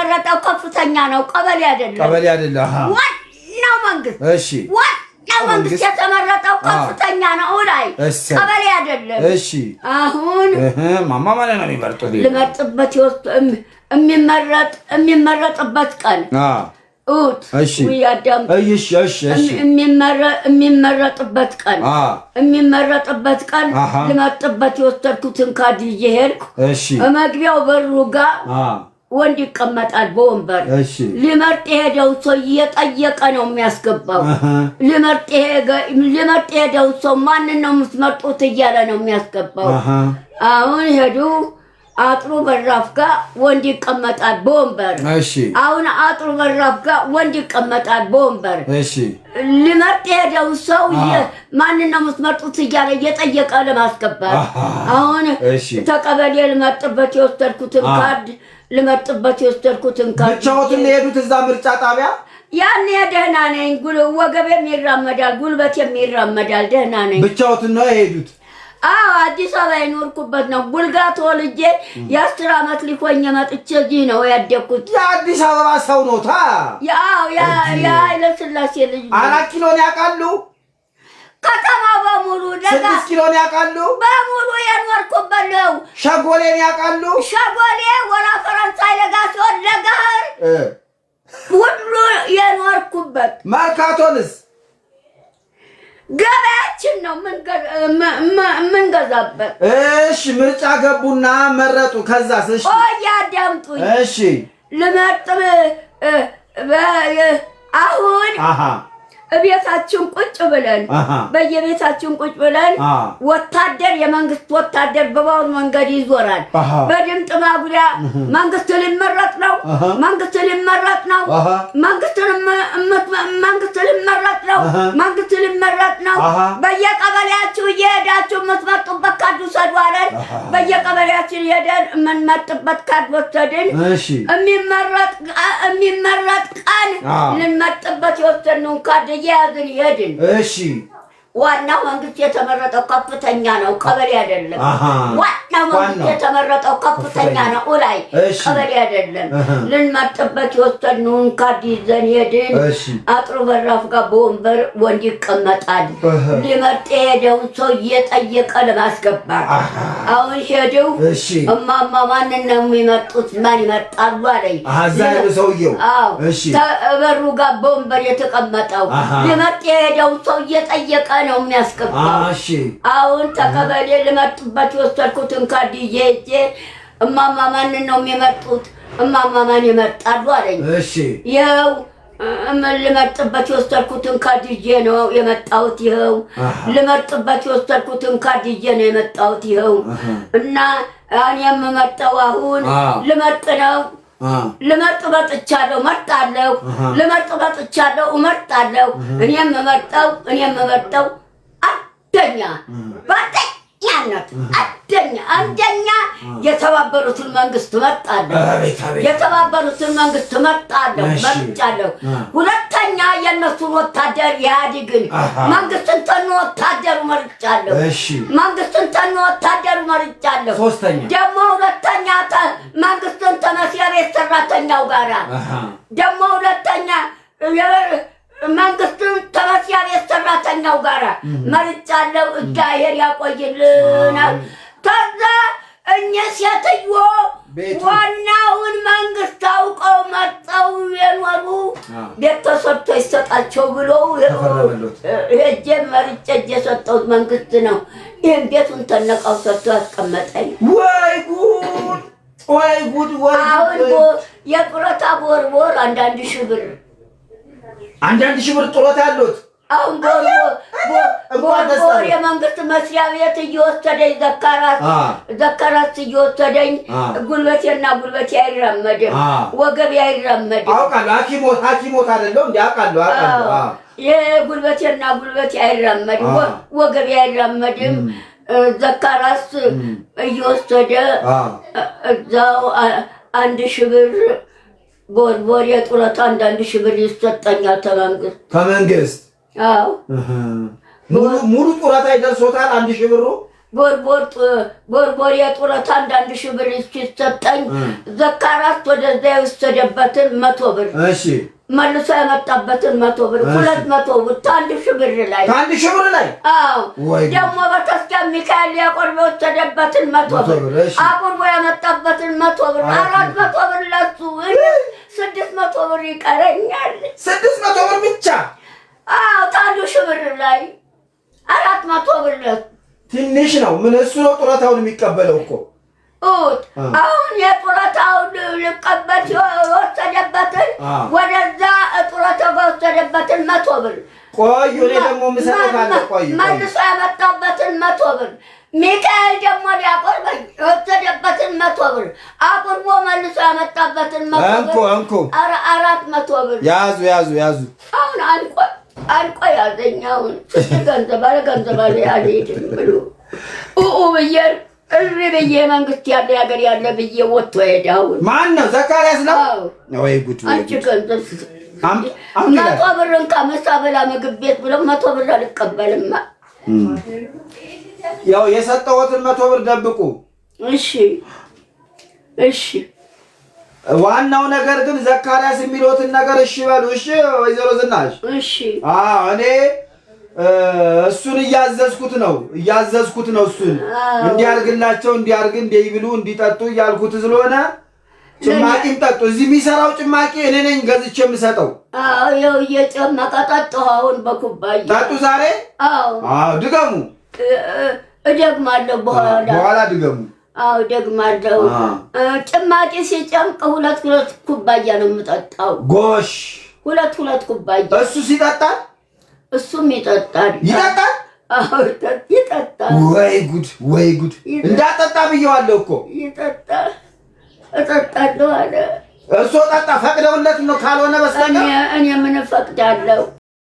የሚመረጠው ከፍተኛ ነው። ቀበሌ አይደለም፣ ቀበሌ አይደለም። ዋናው መንግስት እሺ፣ ዋናው መንግስት የተመረጠው ከፍተኛ ነው ላይ ቀበሌ አይደለም። እሺ፣ አሁን ማማ ማለት ነው የሚመርጡት ልመርጥበት ይወስድ የሚመረጥ የሚመረጥበት ቀን እሑድ ውያዳም የሚመረጥበት ቀን የሚመረጥበት ቀን ልመርጥበት የወሰድኩትን ካድ እየሄድኩ መግቢያው በሩ ጋር ወንድ ይቀመጣል በወንበር። ሊመርጥ የሄደው ሰው እየጠየቀ ነው የሚያስገባው። ሊመርጥ የሄደው ሰው ማንን ነው የምትመርጡት እያለ ነው የሚያስገባው። አሁን ሄዱ አጥሩ በራፍ ጋር ወንድ ይቀመጣል በወንበር። እሺ አሁን አጥሩ በራፍ ጋር ወንድ ይቀመጣል በወንበር። እሺ ልመርጥ የሄደው ሰው ማንን ነው የምትመርጡት እያለ እየጠየቀ ለማስገባት አሁን ተቀበሌ ልመርጥበት የወሰድኩትን ካርድ ልመርጥበት የወሰድኩትን ካርድ ብቻዎትን የሄዱት እዛ ምርጫ ጣቢያ ያን ደህና ነኝ፣ ወገብ የሚራመዳል ጉልበት የሚራመዳል ደህና ነኝ። ብቻዎትን ነው የሄዱት አዎ አዲስ አበባ የኖርኩበት ነው። ጉልጋት ወልጄ የአስር አመት ሊሆኝ መጥቼ እዚህ ነው ያደግኩት። የአዲስ አበባ ሰው ነው ታ ያው የኃይለ ሥላሴ ልጅ አራት ኪሎን ያውቃሉ። ከተማ በሙሉ ስድስት ኪሎን ያውቃሉ። በሙሉ የኖርኩበት ነው። ሸጎሌን ያውቃሉ። ሸጎሌ ወላ ፈረንሳይ ለጋ ሲሆን ለጋህር ሁሉ የኖርኩበት መርካቶንስ ገበያችን ነው የምንገዛበት። እሺ ምርጫ ገቡና መረጡ። ከዛስ? እሺ ቆይ እሺ ልመርጥ አሁን እቤታችን ቁጭ ብለን በየቤታችን ቁጭ ብለን ወታደር የመንግስት ወታደር በባውን መንገድ ይዞራል። በድምጥ ማጉያ መንግስት ሊመረጥ ነው፣ መንግስት ሊመረጥ ነው፣ መንግስት ሊመረጥ ነው፣ መንግስት ሊመረጥ ነው። በየቀበሌያችሁ እየሄዳችሁ የምትመጡበት ካርድ ውሰዱ አለን። በየቀበሌያችን ሄደን የምንመጥበት ካርድ ወሰድን። የሚመረጥ ቀን ልንመጥበት የወሰድነውን ካርድ እያ ግን የድን እሺ ዋናው መንግስት የተመረጠው ከፍተኛ ነው፣ ቀበሌ አይደለም። ሰሞኑን የተመረጠው ከፍተኛ ነው። እላይ ቀበሌ አይደለም ልንመርጥበት የወሰድነውን ካርድ ይዘን ሄድን። አጥሩ በራፍ ጋር በወንበር ወንድ ይቀመጣል። ሊመርጥ የሄደውን ሰው እየጠየቀ ለማስገባት አሁን ሄድው እማማ ማንን ነው የሚመርጡት? ማን ይመርጣሉ አለኝ። ሰውየው በሩ ጋር በወንበር የተቀመጠው ሊመርጥ የሄደውን ሰው እየጠየቀ ነው የሚያስገባው። አሁን ተቀበሌ ልመርጥበት የወሰድኩትን ሀዲዬ ሂጄ እማማ ማንን ነው የሚመርጡት? እማማ ማን ይመርጣሉ አለኝ። እሺ ይኸው ልመርጥበት የወሰድኩትን ካድዬ ነው የመጣሁት። ይኸው ልመርጥበት የወሰድኩትን ካድዬ ነው የመጣሁት። ይኸው እና እኔ የምመርጠው አሁን ልመርጥ ነው ልመርጥ መጥቻለሁ፣ መርጣለሁ። ልመርጥ መጥቻለሁ፣ እኔ የምመርጠው እኔ የምመርጠው አንደኛ ያነት አንደኛ አንደኛ የተባበሩትን መንግስት መርጣለሁ። የተባበሩትን መንግስት መርጣለሁ መርጫለሁ። ሁለተኛ የእነሱን ወታደር የኢህአዴግን መንግስትን ተኑ ወታደሩ መርጫለሁ። መንግስትን ተኑ ወታደሩ መርጫለሁ። ደግሞ ሁለተኛ መንግስትን ተመስሪያ ቤት ሰራተኛው ጋራ ደግሞ ሁለተኛ መንግስቱን ተመስሪያ ቤት ሰራተኛው ጋር መርጫለው። እግዚአብሔር ያቆይልናል። ከዛ እኛ ሴትዮ ዋናውን መንግስት አውቀው መጠው የኖሩ ቤት ተሰርቶ ይሰጣቸው ብሎ ሄጄ መርጬ የሰጠው መንግስት ነው። ይህን ቤቱን ተነቀው ሰጥቶ ያስቀመጠኝ። ወይ ጉድ! ወይ ጉድ! አሁን የቁረታ ቦርቦር አንዳንድ ሺህ ብር አንዳንድ ሺህ ብር ጥሎት አሉት። አሁን ጎርጎር የመንግስት መስሪያ ቤት እየወሰደኝ ዘካራት ዘካራት እየወሰደኝ ጉልበቴና ጉልበቴ አይራመድም፣ ወገቤ አይራመድም። አውቃለሁ። ሐኪሞት ሐኪሞት አይደለም እንዴ? አውቃለሁ አውቃለሁ። የጉልበቴና ጉልበቴ አይራመድም፣ ወገቤ አይራመድም። ዘካራስ እየወሰደ እዛው አንድ ሺህ ብር ቦርቦር የጡረታ አንዳንድ ሺህ ብር ይሰጠኛል ከመንግስት ከመንግስት። አዎ ሙሉ ጡረታ ይደርሶታል። አንድ ሺህ ብሩ ቦርቦር የጡረታ አንዳንድ ሺህ ብር ሲሰጠኝ ዘካራት ወደዚያ የወሰደበትን መቶ ብር መልሶ ያመጣበትን መቶ ብር ሁለት መቶ ብር ከአንድ ሺህ ብር ላይ ከአንድ ሺህ ብር ላይ አዎ፣ ደግሞ በተስኪያ ሚካኤል ያቆርቦ የወሰደበትን መቶ ብር አቁርቦ ያመጣበትን መቶ ብር አራት መቶ ብር ለሱ ስድስት መቶ ብር ይቀረኛል። ስድስት መቶ ብር ብቻ? አዎ ታንዱ ሺህ ብር ላይ አራት መቶ ብር ትንሽ ነው። ምን እሱ ነው ጡረታውን የሚቀበለው እኮ አሁን የጡረታውን ልቀበል የወሰደበትን ወደዛ ጡረታ በወሰደበትን መቶ ብር ቆዩ እኔ ደግሞ የምሰጥፋለሁ። ቆዩ መልሶ ያመጣበትን መቶ ብር ሚካኤል ደግሞ ሊያቆርበኝ የወሰደበትን መቶ ብር አቁርቦ መልሶ ያመጣበትን መቶ ብር እንኩ አራት መቶ ብር ያዙ ያዙ ያዙ። አሁን አልቆ አልቆ ያዘኝ። ገንዘብ አለ ገንዘብ አለ አልሄድም ብሎ ኡኡ ብዬ እሪ ብዬ መንግስት ያለ ሀገር ያለ ብዬ ወጥቶ ሄደ። ማን ነው ዘካርያስ ነው ወይ ጉድ አንቺ ገንዘብ መቶ ብር እንካ መሳበላ ምግብ ቤት ብለው መቶ ብር አልቀበልማ። ያው የሰጠሁትን መቶ ብር ደብቁ። እሺ እሺ። ዋናው ነገር ግን ዘካሪያስ የሚሉትን ነገር እሺ በሉ። እሺ ወይዘሮ ዝናሽ እሺ። አዎ እኔ እሱን እያዘዝኩት ነው እያዘዝኩት ነው እሱን እንዲያርግላቸው እንዲያርግ እንዲይብሉ እንዲጠጡ እያልኩት ስለሆነ ጭማቂም ጠጡ። እዚህ የሚሰራው ጭማቂ እኔ ነኝ ገዝቼ የምሰጠው። አዎ ይኸው እየጨመቀ ጠጡ። አሁን በኩባያ ጠጡ። ዛሬ ድገሙ። እደግማለሁ፣ በኋላ በኋላ ድገሙ። አዎ፣ ደግማለሁ። ጭማቂ ሲጨምቅ ሁለት ሁለት ኩባያ ነው የምጠጣው። ጎሽ፣ ሁለት ሁለት ኩባያ። እሱ ሲጠጣል እሱም ይጠጣል ይጠጣል ይጠጣል። ወይ ጉድ፣ ወይ ጉድ! እንዳጠጣ ብየዋለሁ እኮ ይጠጣል እጠጣለሁ አለ። እርሶ ጠጣ፣ ፈቅደውለት ነው ካልሆነ በስተቀር እኔ ምን እፈቅዳለሁ?